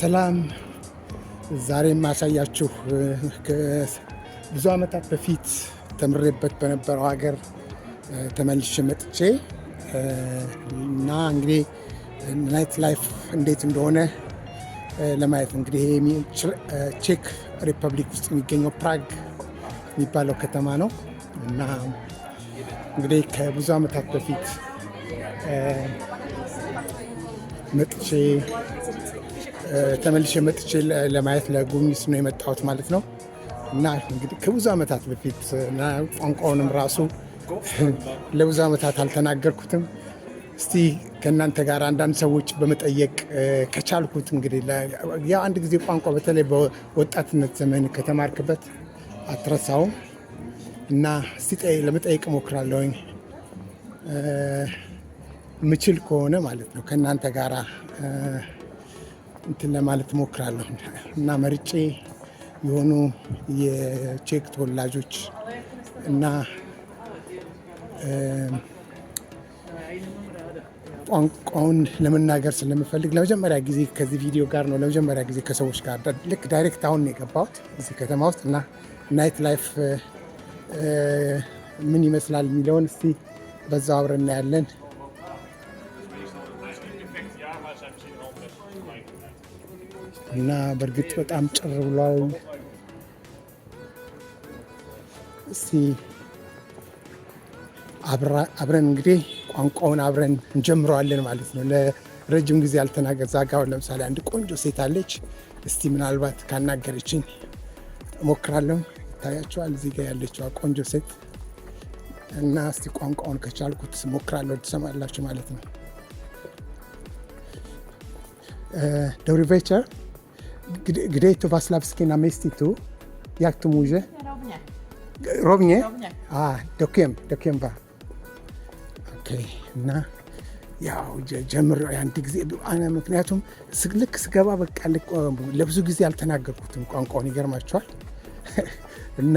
ሰላም። ዛሬ የማሳያችሁ ብዙ ዓመታት በፊት ተምሬበት በነበረው ሀገር ተመልሼ መጥቼ እና እንግዲህ ናይት ላይፍ እንዴት እንደሆነ ለማየት እንግዲህ ቼክ ሪፐብሊክ ውስጥ የሚገኘው ፕራግ የሚባለው ከተማ ነው እና እንግዲህ ከብዙ ዓመታት በፊት መጥቼ ተመልሼ መጥቼ ለማየት ለጉብኝት ነው የመጣሁት ማለት ነው። እና እንግዲህ ከብዙ ዓመታት በፊት ቋንቋውንም ራሱ ለብዙ ዓመታት አልተናገርኩትም። እስቲ ከእናንተ ጋር አንዳንድ ሰዎች በመጠየቅ ከቻልኩት እንግዲህ ያው አንድ ጊዜ ቋንቋ በተለይ በወጣትነት ዘመን ከተማርክበት አትረሳውም እና እስቲ ለመጠየቅ እሞክራለሁኝ ምችል ከሆነ ማለት ነው ከእናንተ ጋራ እንትን ለማለት ሞክራለሁ እና መርጬ የሆኑ የቼክ ተወላጆች እና ቋንቋውን ለመናገር ስለምፈልግ ለመጀመሪያ ጊዜ ከዚህ ቪዲዮ ጋር ነው ለመጀመሪያ ጊዜ ከሰዎች ጋር ልክ ዳይሬክት አሁን ነው የገባሁት እዚህ ከተማ ውስጥ እና ናይት ላይፍ ምን ይመስላል የሚለውን እስቲ በዛው አብረን እናያለን። እና በእርግጥ በጣም ጭር ብሏል። እስቲ አብረን እንግዲህ ቋንቋውን አብረን እንጀምረዋለን ማለት ነው። ለረጅም ጊዜ ያልተናገር ዛጋውን ለምሳሌ አንድ ቆንጆ ሴት አለች። እስቲ ምናልባት ካናገረችን እሞክራለሁ። ይታያቸዋል እዚህ ጋ ያለችዋ ቆንጆ ሴት እና እስቲ ቋንቋውን ከቻልኩት እሞክራለሁ። ትሰማላችሁ ማለት ነው። ደብሪቬቸር Kde je to Vaslavské náměstí Jak to může? Rovně. Rovně? Rovně. A, ah, dokem, dokem ba. ኦኬ እና ያው ጀምሮ አንድ ጊዜ ምክንያቱም ልክ ስገባ በቃ ለብዙ ጊዜ አልተናገርኩትም ቋንቋውን ይገርማቸዋል። እና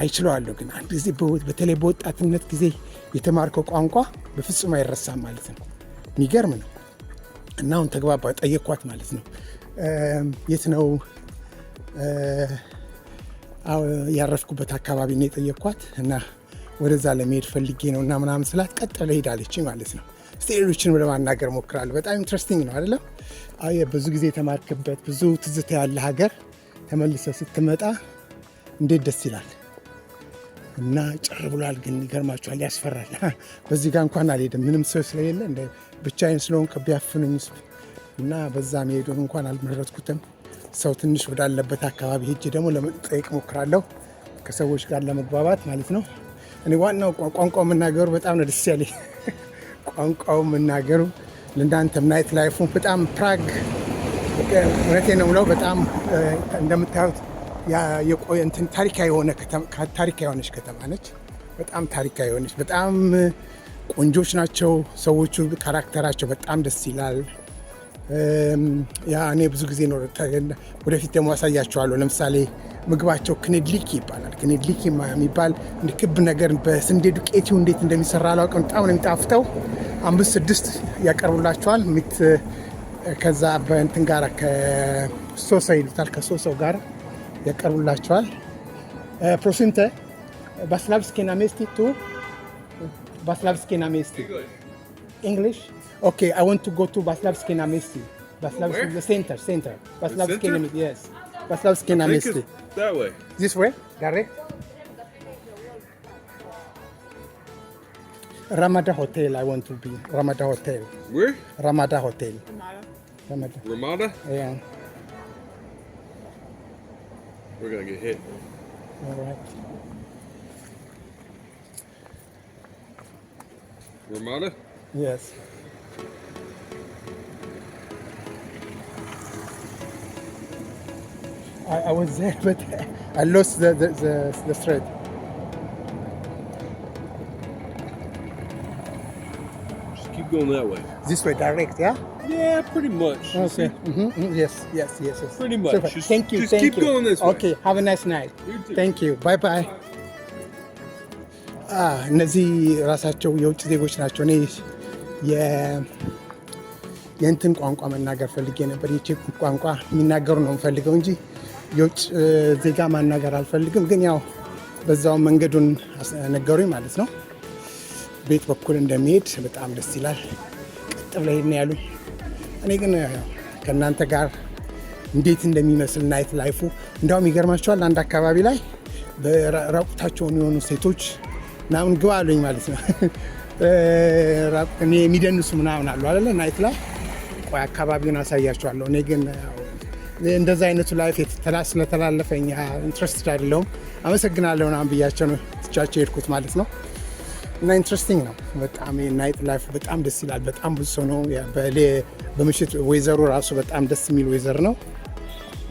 አይችለዋለሁ ግን አንድ ጊዜ በተለይ በወጣትነት ጊዜ የተማርከው ቋንቋ በፍጹም አይረሳም ማለት ነው። የሚገርም ነው። እና አሁን ተግባባ ጠየኳት ማለት ነው የት ነው ያረፍኩበት አካባቢ ነው የጠየቅኳት እና ወደዛ ለመሄድ ፈልጌ ነው እና ምናምን ስላት ቀጥ ብላ ሄዳለች ማለት ነው። እስቲ ሌሎችንም ለማናገር ሞክራለሁ። በጣም ኢንትረስቲንግ ነው አይደለም? ብዙ ጊዜ የተማርክበት ብዙ ትዝታ ያለ ሀገር ተመልሰ ስትመጣ እንዴት ደስ ይላል እና ጭር ብሏል፣ ግን ይገርማችኋል፣ ያስፈራል። በዚህ ጋር እንኳን አልሄድም ምንም ሰው ስለሌለ ብቻዬን ስለሆንኩ ቢያፍኑኝ እና በዛ መሄዱን እንኳን አልመረጥኩትም። ሰው ትንሽ ወዳለበት አካባቢ ሄጅ ደግሞ ለመጠየቅ ሞክራለሁ፣ ከሰዎች ጋር ለመግባባት ማለት ነው። እኔ ዋናው ቋንቋው መናገሩ በጣም ነው ደስ ያለኝ። ቋንቋው መናገሩ ለእናንተም ናይት ላይፉ በጣም ፕራግ፣ እውነቴ ነው ብለው በጣም እንደምታዩት የቆየንትን ታሪካዊ የሆነ ታሪካዊ የሆነች ከተማ ነች። በጣም ታሪካዊ የሆነች በጣም ቆንጆች ናቸው ሰዎቹ። ካራክተራቸው በጣም ደስ ይላል። ያ እኔ ብዙ ጊዜ ነው። ወደፊት ደግሞ አሳያቸዋለሁ። ለምሳሌ ምግባቸው ክኔድሊኪ ይባላል። ክኔድሊኪ የሚባል ክብ ነገር በስንዴ ዱቄቲው እንዴት እንደሚሰራ አላውቅም። በጣም ነው የሚጣፍጠው። አምስት ስድስት ያቀርቡላቸዋል። ሚት ከዛ በእንትን ጋር ከሶሰ ይሉታል፣ ከሶሰው ጋር ያቀርቡላቸዋል። ፕሮሲንተ ባስላቭስኪና ሜስቲ ቱ ባስላቭስኪና ሜስቲ እንግሊሽ Okay, I want to go to Vaslavsky na Misty. Vaslavsky, the center, center. Vaslavsky na yes. Vaslavsky na That way. This way? Direct? Ramada Hotel, I want to be. Ramada Hotel. Where? Ramada Hotel. Ramada. Ramada? Yeah. We're going to get hit. All right. Ramada? Yes. I, I was there, but I lost the, the, the, the thread. Just keep going that way. This way, direct, yeah? Yeah, pretty much. Okay. Mm-hmm, mm-hmm. Yes, yes, yes, yes. Pretty much. Just, thank you. Just thank keep you. going this way. Okay. Have a nice night. Thank you. Bye bye. Ah, እነዚህ ራሳቸው የውጭ ዜጎች ናቸው። እኔ የእንትን ቋንቋ መናገር ፈልጌ ነበር። የቼክ ቋንቋ የሚናገሩ ነው የምፈልገው እንጂ የውጭ ዜጋ ማናገር አልፈልግም፣ ግን ያው በዛው መንገዱን ነገሩኝ ማለት ነው። ቤት በኩል እንደሚሄድ በጣም ደስ ይላል፣ ቀጥ ብለህ ሄድ ያሉ። እኔ ግን ከእናንተ ጋር እንዴት እንደሚመስል ናይት ላይፉ እንዲያውም ይገርማቸዋል። አንድ አካባቢ ላይ ራቁታቸውን የሆኑ ሴቶች ምናምን ግባ አሉኝ ማለት ነው። የሚደንሱ ምናምን አሉ አለ ናይት ላይ። ቆይ አካባቢውን አሳያቸዋለሁ። እኔ ግን እንደዛ አይነቱ ላይፍ ስለተላለፈ ኢንትረስት ኢንትረስትድ አመሰግናለሁ ምናምን ብያቸው ነው ትቻቸው የሄድኩት ማለት ነው። እና ኢንትረስቲንግ ነው በጣም ናይት ላይፍ በጣም ደስ ይላል። በጣም ብዙ ሰው ነው በምሽት ወይዘሩ ራሱ በጣም ደስ የሚል ወይዘር ነው።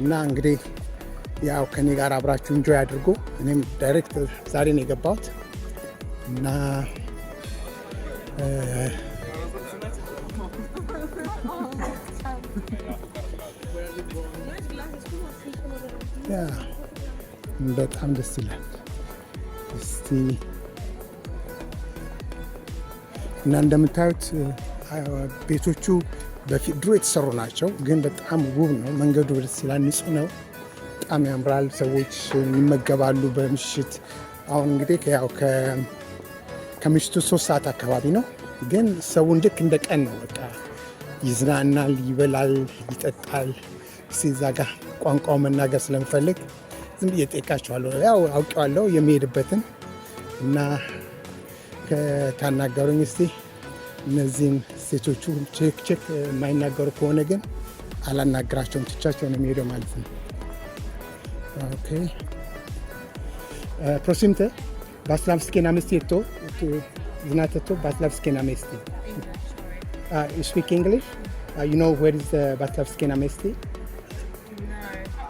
እና እንግዲህ ያው ከኔ ጋር አብራችሁ እንጆ አድርጎ እኔም ዳይሬክት ዛሬ ነው የገባሁት እና ኢትዮጵያ በጣም ደስ ይላል። እስቲ እና እንደምታዩት ቤቶቹ በፊት ድሮ የተሰሩ ናቸው፣ ግን በጣም ውብ ነው። መንገዱ ደስ ይላል፣ ንጹህ ነው፣ በጣም ያምራል። ሰዎች ይመገባሉ በምሽት አሁን እንግዲህ ያው ከምሽቱ ሶስት ሰዓት አካባቢ ነው፣ ግን ሰውን ልክ እንደ ቀን ነው። በቃ ይዝናናል፣ ይበላል፣ ይጠጣል። እስቲ እዛ ጋር ቋንቋው መናገር ስለምፈልግ ዝም ብዬ ጠይቃቸዋለሁ። ያው አውቀዋለሁ የሚሄድበትን እና ካናገሩኝ እስቲ እነዚህም ሴቶቹ ቼክ ቼክ የማይናገሩ ከሆነ ግን አላናግራቸውም፣ ትቻቸው ነው የሚሄደው ማለት ነው። ፕሮሲምተ ባስላቭስኬና ምስቲ ቶ ዝናተቶ ባስላቭስኬና ምስቲ ስፒክ እንግሊሽ ዩ ኖ ዌር ኢዝ ባስላቭስኬና ምስቲ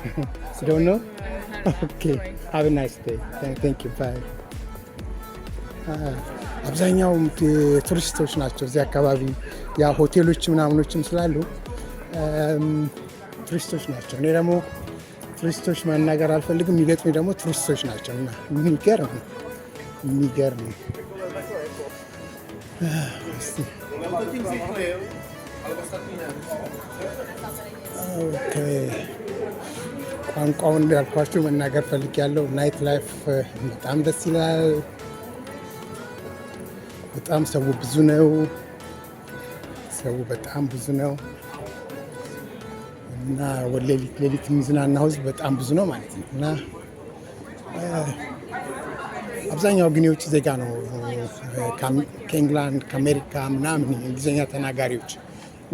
Don't know? Okay. Have a nice day. Thank you. Bye. Ah, አብዛኛው ቱሪስቶች ናቸው እዚህ አካባቢ ያ ሆቴሎች ምናምኖችም ስላሉ ቱሪስቶች ናቸው። እኔ ደግሞ ቱሪስቶች መናገር አልፈልግም፣ የሚገጥሙኝ ደግሞ ቱሪስቶች ናቸው እና የሚገርም የሚገርም ኦኬ ቋንቋውን እንዳልኳችሁ መናገር ፈልግ ያለው ናይት ላይፍ በጣም ደስ ይላል። በጣም ሰው ብዙ ነው። ሰው በጣም ብዙ ነው እና ወሌሊት ሌሊት የሚዝናና ህዝብ በጣም ብዙ ነው ማለት ነው እና አብዛኛው ግን የውጭ ዜጋ ነው ከእንግላንድ ከአሜሪካ ምናምን እንግሊዝኛ ተናጋሪዎች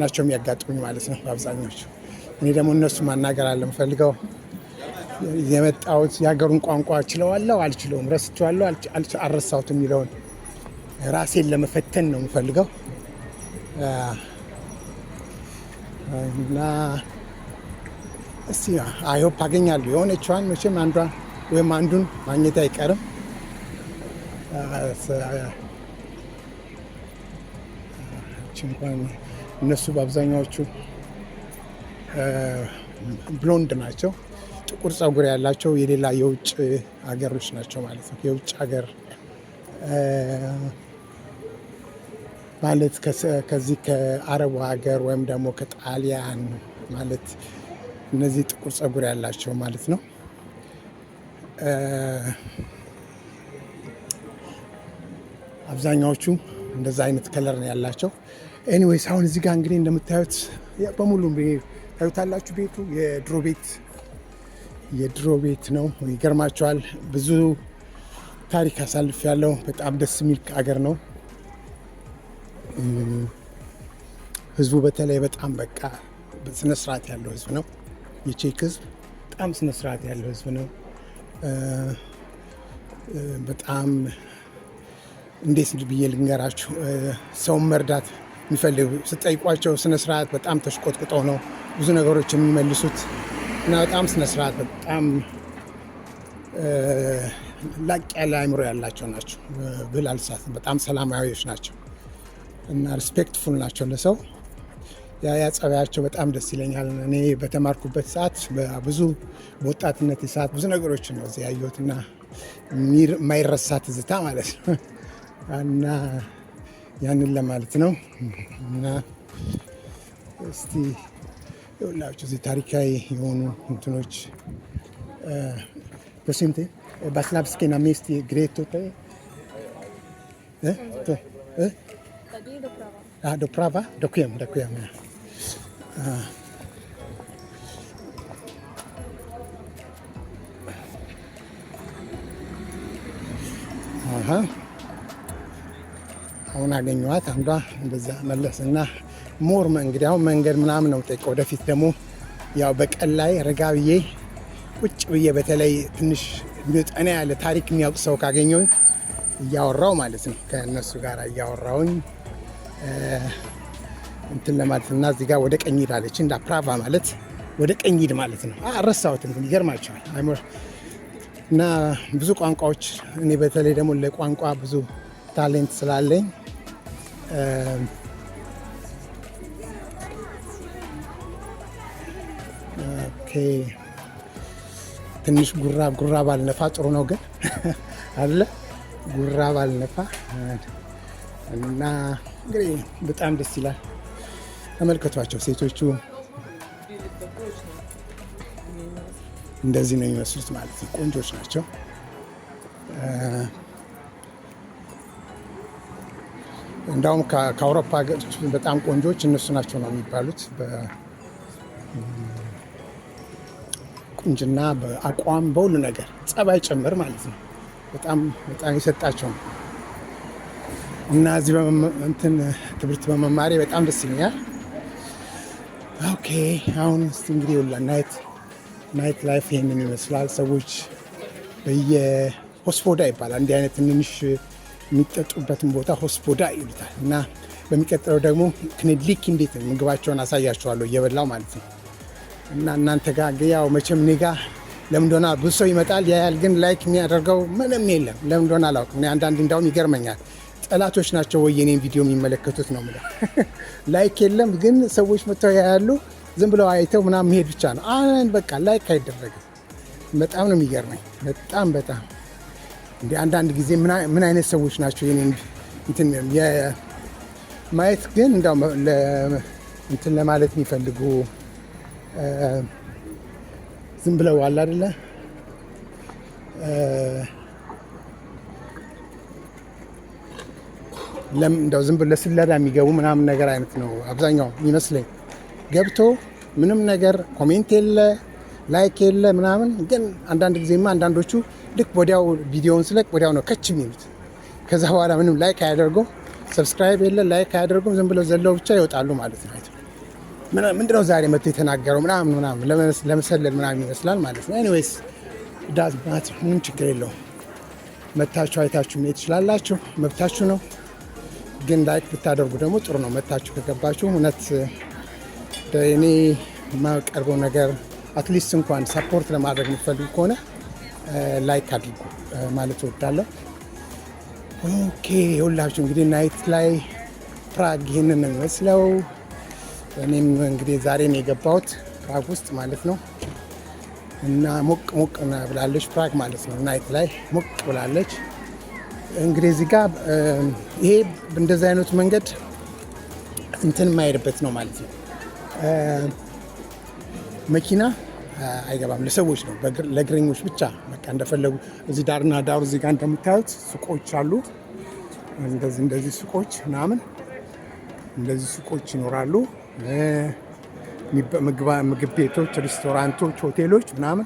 ናቸው የሚያጋጥሙኝ ማለት ነው አብዛኛዎቹ። እኔ ደግሞ እነሱ ማናገር አለ የምፈልገው የመጣሁት የሀገሩን ቋንቋ ችለዋለሁ አልችለውም፣ ረስቼዋለሁ አልረሳሁትም የሚለውን ራሴን ለመፈተን ነው የምፈልገው እና እስቲ አይሆፕ አገኛለሁ የሆነችዋን መቼም አንዷን ወይም አንዱን ማግኘት አይቀርም። እንኳን እነሱ በአብዛኛዎቹ ብሎንድ ናቸው። ጥቁር ጸጉር ያላቸው የሌላ የውጭ ሀገሮች ናቸው ማለት ነው። የውጭ ሀገር ማለት ከዚህ ከአረቡ ሀገር ወይም ደግሞ ከጣሊያን ማለት እነዚህ ጥቁር ጸጉር ያላቸው ማለት ነው። አብዛኛዎቹ እንደዛ አይነት ከለር ነው ያላቸው። ኤኒዌይስ አሁን እዚህ ጋር እንግዲህ እንደምታዩት በሙሉ ታዩታላችሁ። ቤቱ የድሮ ቤት የድሮ ቤት ነው። ይገርማቸዋል። ብዙ ታሪክ አሳልፍ ያለው በጣም ደስ የሚል አገር ነው። ህዝቡ በተለይ በጣም በቃ ስነስርዓት ያለው ህዝብ ነው። የቼክ ህዝብ በጣም ስነስርዓት ያለው ህዝብ ነው። በጣም እንዴት ብዬ ልንገራችሁ፣ ሰውን መርዳት የሚፈልጉ ስጠይቋቸው ስነስርዓት በጣም ተሽቆጥቁጠው ነው ብዙ ነገሮች የሚመልሱት። እና በጣም ስነስርዓት በጣም ላቅ ያለ አይምሮ ያላቸው ናቸው። ብል አልሳት በጣም ሰላማዊዎች ናቸው እና ሪስፔክትፉል ናቸው ለሰው ያ በጣም ደስ ይለኛል። እኔ በተማርኩበት ሰዓት ብዙ በወጣትነት ሰዓት ብዙ ነገሮች ነው እዚህ ያየሁትና የማይረሳ ትዝታ ማለት ነው እና ያንን ለማለት ነው እና እስቲ ይኸውላችሁ እዚህ ታሪካዊ የሆኑ እንትኖች በስንት በስላብስኬና ሜስት ግሬቶ ዶፕራቫ ዶኩያም ዶኩያም አሁን አገኘዋት አንዷ እንደዛ መለስና ሞር እንግዲህ አሁን መንገድ ምናምን ነው ጠይቀ ወደፊት ደግሞ ያው በቀን ላይ ረጋ ብዬ ቁጭ ብዬ በተለይ ትንሽ ጠና ያለ ታሪክ የሚያውቅ ሰው ካገኘሁኝ እያወራው ማለት ነው ከእነሱ ጋር እያወራውኝ እንትን ለማለት እና እዚህ ጋር ወደ ቀኝ ሄዳለች። እንዳ ፕራቫ ማለት ወደ ቀኝ ሂድ ማለት ነው። ረሳሁት እንትን ይገርማቸዋል። እና ብዙ ቋንቋዎች እኔ በተለይ ደግሞ ለቋንቋ ብዙ ታሌንት ስላለኝ ትንሽ ጉራ ጉራ ባልነፋ ጥሩ ነው ግን አለ ጉራ ባልነፋ እና እንግዲህ በጣም ደስ ይላል። ተመልከቷቸው ሴቶቹ እንደዚህ ነው የሚመስሉት ማለት ነው። ቆንጆች ናቸው። እንዳውም ከአውሮፓ ሀገሮች በጣም ቆንጆች እነሱ ናቸው ነው የሚባሉት። በቁንጅና በአቋም በሁሉ ነገር ጸባይ ጭምር ማለት ነው። በጣም በጣም የሰጣቸው ነው እና እዚህ እንትን ትምህርት በመማሪ በጣም ደስ ይለኛል። ኦኬ አሁን እስቲ እንግዲህ ሁላ ናይት ናይት ላይፍ ይህንን ይመስላል። ሰዎች በየሆስፖዳ ይባላል እንዲህ አይነት ትንንሽ የሚጠጡበትን ቦታ ሆስፖዳ ይሉታል እና በሚቀጥለው ደግሞ ክንድሊክ እንዴት ምግባቸውን አሳያቸዋለሁ እየበላው ማለት ነው። እና እናንተ ጋር ያው መቼም እኔ ጋር ለምንደሆነ ብዙ ሰው ይመጣል ያያል፣ ግን ላይክ የሚያደርገው ምንም የለም። ለምንደሆነ አላውቅም። እኔ አንዳንድ እንዳውም ይገርመኛል ጠላቶች ናቸው ወይ የኔን ቪዲዮ የሚመለከቱት ነው የምለው። ላይክ የለም፣ ግን ሰዎች መጥተው ያያሉ። ዝም ብለው አይተው ምናምን መሄድ ብቻ ነው። አን በቃ ላይክ አይደረግም። በጣም ነው የሚገርመኝ። በጣም በጣም እንደ አንዳንድ ጊዜ ምን አይነት ሰዎች ናቸው የኔን ማየት ግን እንትን ለማለት የሚፈልጉ ዝም ብለው አለ አይደለ እንደው ዝም ብለው ለስለላ የሚገቡ ምናምን ነገር አይነት ነው አብዛኛው የሚመስለኝ። ገብቶ ምንም ነገር ኮሜንት የለ ላይክ የለ ምናምን። ግን አንዳንድ ጊዜማ አንዳንዶቹ ልክ ወዲያው ቪዲዮውን ስለቅ ወዲያው ነው ከች የሚሉት። ከዛ በኋላ ምንም ላይክ አያደርጉም፣ ሰብስክራይብ የለ ላይክ አያደርጉም። ዝም ብለው ዘለው ብቻ ይወጣሉ ማለት ነው። ምንድነው ዛሬ መጥቶ የተናገረው ምናምን ምናምን ለመሰለል ምናምን ይመስላል ማለት ነው። ኤኒዌይስ ዳዝማት ምን ችግር የለውም። መታችሁ አይታችሁ መሄድ ትችላላችሁ፣ መብታችሁ ነው። ግን ላይክ ብታደርጉ ደግሞ ጥሩ ነው። መታችሁ ከገባችሁ እውነት እኔ የማቀርበው ነገር አትሊስት እንኳን ሰፖርት ለማድረግ የምትፈልጉ ከሆነ ላይክ አድርጉ ማለት እወዳለሁ። ኦኬ የሁላችሁ እንግዲህ ናይት ላይ ፕራግ ይህንን ነው የሚመስለው። እኔም እንግዲህ ዛሬ ነው የገባሁት ፕራግ ውስጥ ማለት ነው። እና ሞቅ ሞቅ ብላለች ፕራግ ማለት ነው። ናይት ላይ ሞቅ ብላለች። እንግዲህ እዚህ ጋር ይሄ እንደዚህ አይነቱ መንገድ እንትን የማይሄድበት ነው ማለት ነው። መኪና አይገባም፣ ለሰዎች ነው፣ ለእግረኞች ብቻ በቃ እንደፈለጉ። እዚህ ዳርና ዳሩ እዚህ እንደምታዩት ሱቆች አሉ። እንደዚህ እንደዚህ ሱቆች ምናምን እንደዚህ ሱቆች ይኖራሉ። ምግብ ቤቶች፣ ሬስቶራንቶች፣ ሆቴሎች ምናምን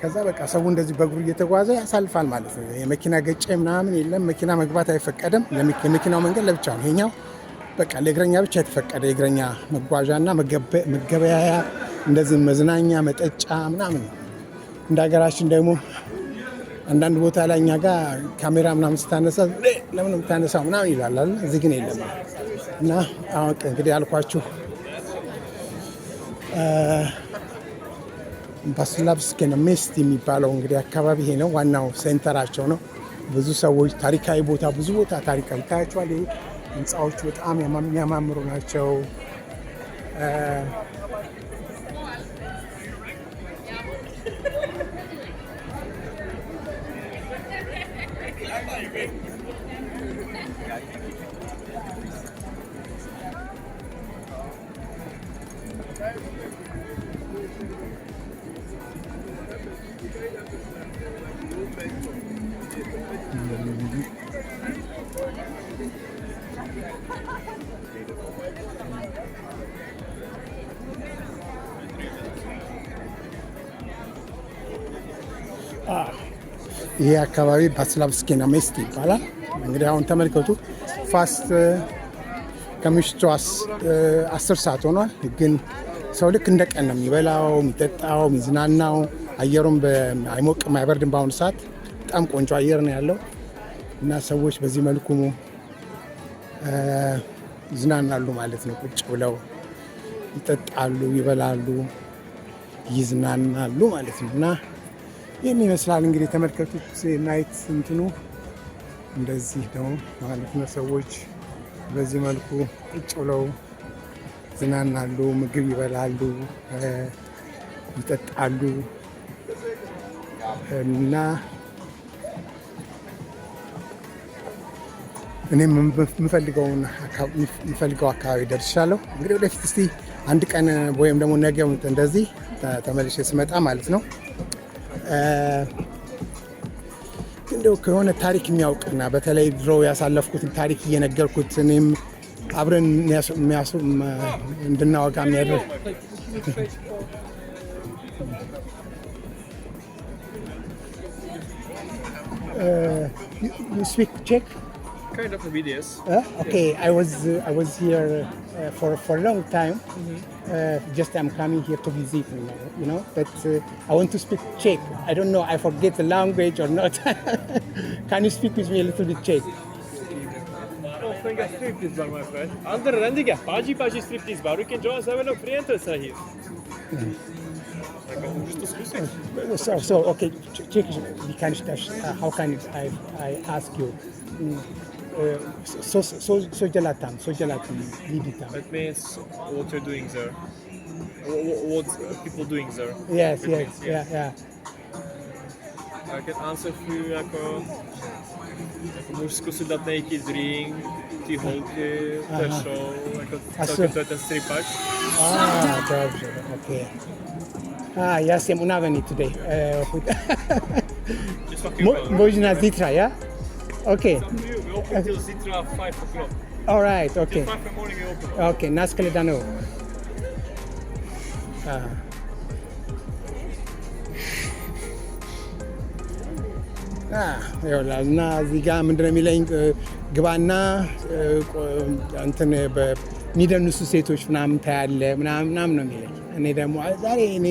ከዛ በቃ ሰው እንደዚህ በእግሩ እየተጓዘ ያሳልፋል ማለት ነው። የመኪና ገጨ ምናምን የለም። መኪና መግባት አይፈቀደም። የመኪናው መንገድ ለብቻ ነው። ይሄኛው በቃ ለእግረኛ ብቻ የተፈቀደ የእግረኛ መጓዣና መገበያያ እንደዚህ መዝናኛ መጠጫ ምናምን ነው። እንደ ሀገራችን ደግሞ አንዳንድ ቦታ ላይ እኛ ጋር ካሜራ ምናምን ስታነሳ ለምን የምታነሳው ምናምን ይላል። እዚህ ግን የለም እና አሁን እንግዲህ አልኳችሁ ቫስላቭስኪን ሜስት የሚባለው እንግዲህ አካባቢ ይሄ ነው ዋናው ሴንተራቸው ነው። ብዙ ሰዎች ታሪካዊ ቦታ ብዙ ቦታ ታሪካዊ ይታያቸዋል። ህንፃዎቹ በጣም የሚያማምሩ ናቸው። ይሄ አካባቢ ባስላቭስኪና ሜስት ይባላል። እንግዲህ አሁን ተመልከቱ ፋስት ከምሽቱ አስር ሰዓት ሆኗል። ግን ሰው ልክ እንደ ቀን ነው የሚበላው፣ የሚጠጣው፣ የሚዝናናው። አየሩም አይሞቅም አይበርድም። በአሁኑ ሰዓት በጣም ቆንጆ አየር ነው ያለው እና ሰዎች በዚህ መልኩ ይዝናናሉ ማለት ነው። ቁጭ ብለው ይጠጣሉ፣ ይበላሉ፣ ይዝናናሉ ማለት ነው እና ይህን ይመስላል እንግዲህ የተመልከቱት ናይት እንትኑ እንደዚህ ነው ማለት ነው። ሰዎች በዚህ መልኩ ቁጭ ብለው ዝናናሉ፣ ምግብ ይበላሉ፣ ይጠጣሉ እና እኔ የምፈልገውን አካባቢ ደርሻለሁ። እንግዲህ ወደፊት እስቲ አንድ ቀን ወይም ደግሞ ነገ እንደዚህ ተመልሼ ስመጣ ማለት ነው እንደው ከሆነ ታሪክ የሚያውቅና በተለይ ድሮ ያሳለፍኩትን ታሪክ እየነገርኩት እኔም አብረን እንድናወጋ የሚያደርግ ስፒክ ቼክ Kind of videos. Uh, okay, yeah. I was uh, I was here uh, for for a long time. Mm-hmm. Uh, just I'm coming here to visit, you know. You know but uh, I want to speak Czech. I don't know. I forget the language or not. Can you speak with me a little bit Czech? think a bar, my friend. Under Paji Paji striptease bar. You can join us, have a friend here. So, so okay, Czech, uh, how can I, I ask you? Mm. Uh, so, so, soy That means what you're doing there. What, what people doing there. Yes, yes, yes, yeah, yeah. I can answer for you jako, jako mužsku si dát nějaký drink, ty holky też są, jako całkiem to ten stripač. A, ah, dobrze, okej. Okay. Ah, A, ja jestem unawany today. Yeah. Uh, Mo, można zitra, ja? Yeah. Okay. We open till 5 o'clock. All right, okay. Till 5 in the morning we open. Okay, naskilidano. Ah. እና እዚህ ጋ ምንድነው የሚለኝ ግባና እንትን የሚደንሱ ሴቶች ምናምን ታያለ ምናምን ነው የሚለኝ። እኔ ደግሞ ዛሬ እኔ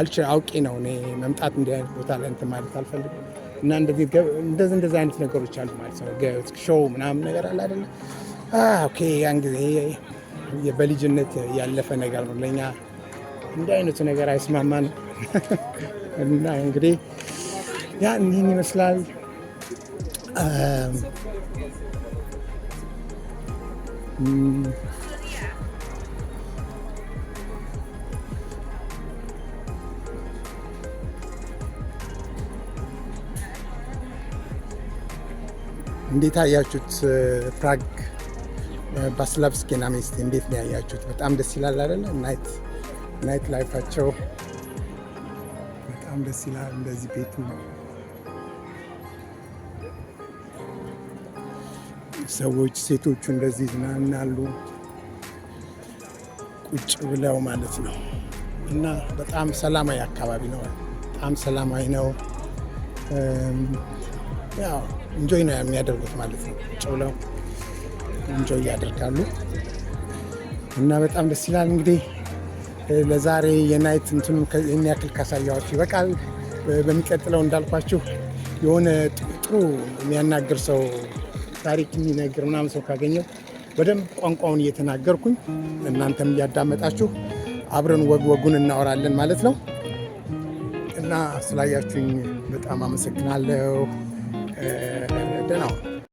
አልችል አውቄ ነው እኔ መምጣት እንዲህ ዓይነት ቦታ ላይ እንትን ማለት አልፈልግም። እና እንደዚህ እንደዚህ አይነት ነገሮች አሉ ማለት ነው። ሾው ምናምን ነገር አለ አይደለ? ኦኬ ያን ጊዜ በልጅነት ያለፈ ነገር ነው። ለእኛ እንዲህ አይነቱ ነገር አይስማማን እና እንግዲህ ያ ይህን ይመስላል። እንዴት አያችሁት? ፕራግ ባስላቭስኪና ሚስት እንዴት ነው ያያችሁት? በጣም ደስ ይላል አይደለ? ናይት ናይት ላይፋቸው በጣም ደስ ይላል። እንደዚህ ቤቱ ሰዎች ሴቶቹ እንደዚህ ይዝናናሉ ቁጭ ብለው ማለት ነው። እና በጣም ሰላማዊ አካባቢ ነው። በጣም ሰላማዊ ነው ያው እንጆይ ነው የሚያደርጉት ማለት ነው። ቁጭ ብለው እንጆይ ያደርጋሉ እና በጣም ደስ ይላል። እንግዲህ ለዛሬ የናይት እንትኑ ይህን ያክል ካሳያችሁ ይበቃል። በሚቀጥለው እንዳልኳችሁ የሆነ ጥሩ የሚያናግር ሰው ታሪክ የሚነግር ምናምን ሰው ካገኘው በደንብ ቋንቋውን እየተናገርኩኝ እናንተም እያዳመጣችሁ አብረን ወግ ወጉን እናወራለን ማለት ነው እና ስላያችሁኝ በጣም አመሰግናለሁ።